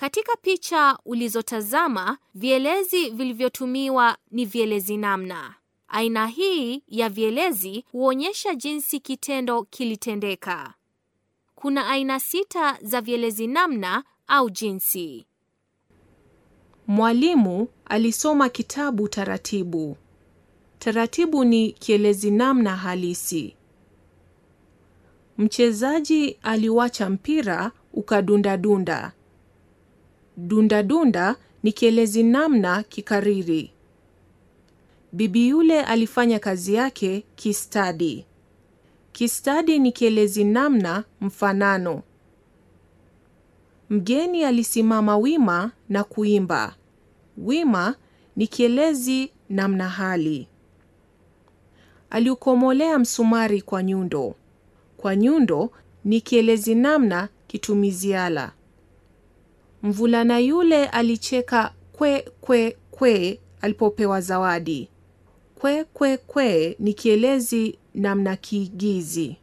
Katika picha ulizotazama, vielezi vilivyotumiwa ni vielezi namna. Aina hii ya vielezi huonyesha jinsi kitendo kilitendeka. Kuna aina sita za vielezi namna au jinsi. Mwalimu alisoma kitabu taratibu. Taratibu ni kielezi namna halisi. Mchezaji aliwacha mpira ukadundadunda. Dunda-dunda ni kielezi namna kikariri. Bibi yule alifanya kazi yake kistadi. Kistadi ni kielezi namna mfanano. Mgeni alisimama wima na kuimba. Wima ni kielezi namna hali. Aliukomolea msumari kwa nyundo. Kwa nyundo ni kielezi namna kitumiziala. Mvulana yule alicheka kwe kwe kwe alipopewa zawadi. Kwe kwe kwe ni kielezi namna kiigizi.